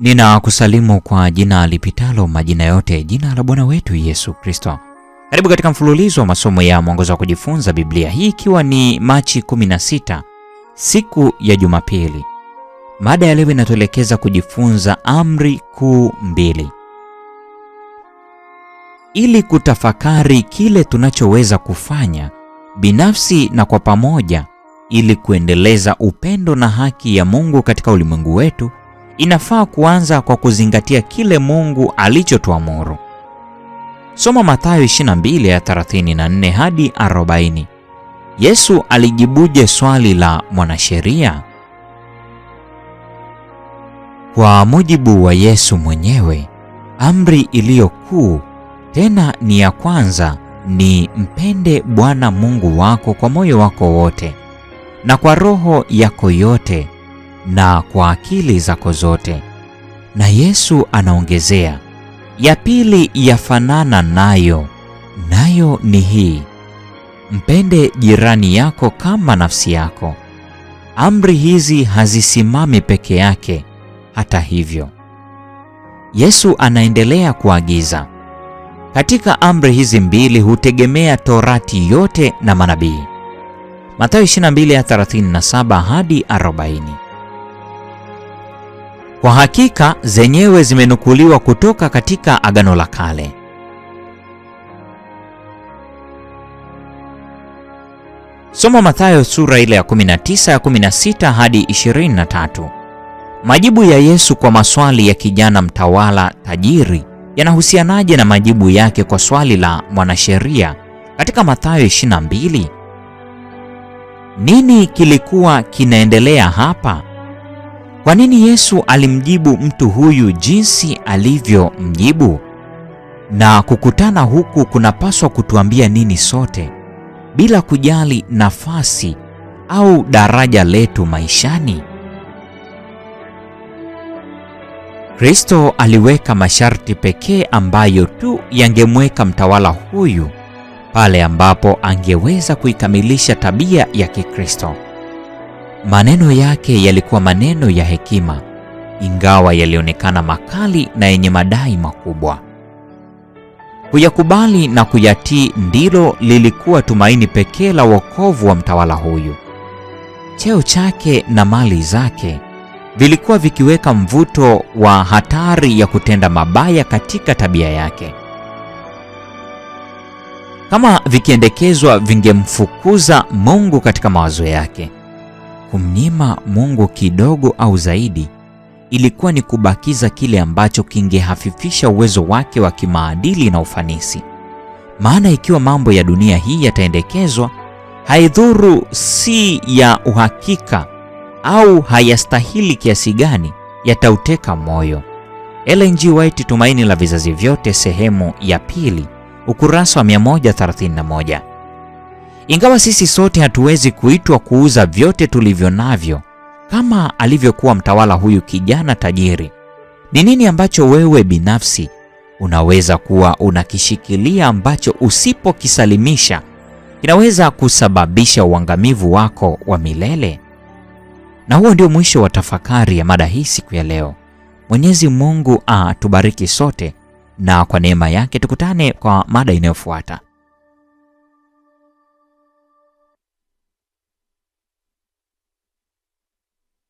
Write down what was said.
nina kusalimu kwa jina lipitalo majina yote, jina la Bwana wetu Yesu Kristo. Karibu katika mfululizo wa masomo ya mwongozo wa kujifunza Biblia, hii ikiwa ni Machi 16 siku ya Jumapili. Mada ya leo inatuelekeza kujifunza amri kuu mbili ili kutafakari kile tunachoweza kufanya binafsi na kwa pamoja ili kuendeleza upendo na haki ya Mungu katika ulimwengu wetu inafaa kuanza kwa kuzingatia kile Mungu alichotuamuru. Soma Mathayo 22:34 hadi 40. Yesu alijibuje swali la mwanasheria? Kwa mujibu wa Yesu mwenyewe, amri iliyo kuu tena ni ya kwanza ni mpende Bwana Mungu wako kwa moyo wako wote na kwa roho yako yote na kwa akili zako zote. Na Yesu anaongezea, ya pili yafanana nayo, nayo ni hii, mpende jirani yako kama nafsi yako. Amri hizi hazisimami peke yake. Hata hivyo, Yesu anaendelea kuagiza. Katika amri hizi mbili hutegemea Torati yote na manabii. Mathayo 22:37 hadi 40. Kwa hakika zenyewe zimenukuliwa kutoka katika Agano la Kale. Soma Mathayo sura ile ya 19 ya 16 hadi 23. Majibu ya Yesu kwa maswali ya kijana mtawala tajiri yanahusianaje na majibu yake kwa swali la mwanasheria katika Mathayo 22? Nini kilikuwa kinaendelea hapa? Kwa nini Yesu alimjibu mtu huyu jinsi alivyomjibu? Na kukutana huku kunapaswa kutuambia nini sote, bila kujali nafasi au daraja letu maishani? Kristo aliweka masharti pekee ambayo tu yangemweka mtawala huyu pale ambapo angeweza kuikamilisha tabia ya Kikristo. Maneno yake yalikuwa maneno ya hekima, ingawa yalionekana makali na yenye madai makubwa. Kuyakubali na kuyatii ndilo lilikuwa tumaini pekee la wokovu wa mtawala huyu. Cheo chake na mali zake vilikuwa vikiweka mvuto wa hatari ya kutenda mabaya katika tabia yake. Kama vikiendekezwa, vingemfukuza Mungu katika mawazo yake. Kumnyima Mungu kidogo au zaidi ilikuwa ni kubakiza kile ambacho kingehafifisha uwezo wake wa kimaadili na ufanisi. Maana ikiwa mambo ya dunia hii yataendekezwa, haidhuru si ya uhakika au hayastahili kiasi gani, yatauteka moyo. Ellen G. White, Tumaini la Vizazi Vyote, sehemu ya pili, ukurasa wa 131. Ingawa sisi sote hatuwezi kuitwa kuuza vyote tulivyo navyo kama alivyokuwa mtawala huyu kijana tajiri, ni nini ambacho wewe binafsi unaweza kuwa unakishikilia ambacho usipokisalimisha kinaweza kusababisha uangamivu wako wa milele? Na huo ndio mwisho wa tafakari ya mada hii siku ya leo. Mwenyezi Mungu atubariki sote, na kwa neema yake tukutane kwa mada inayofuata.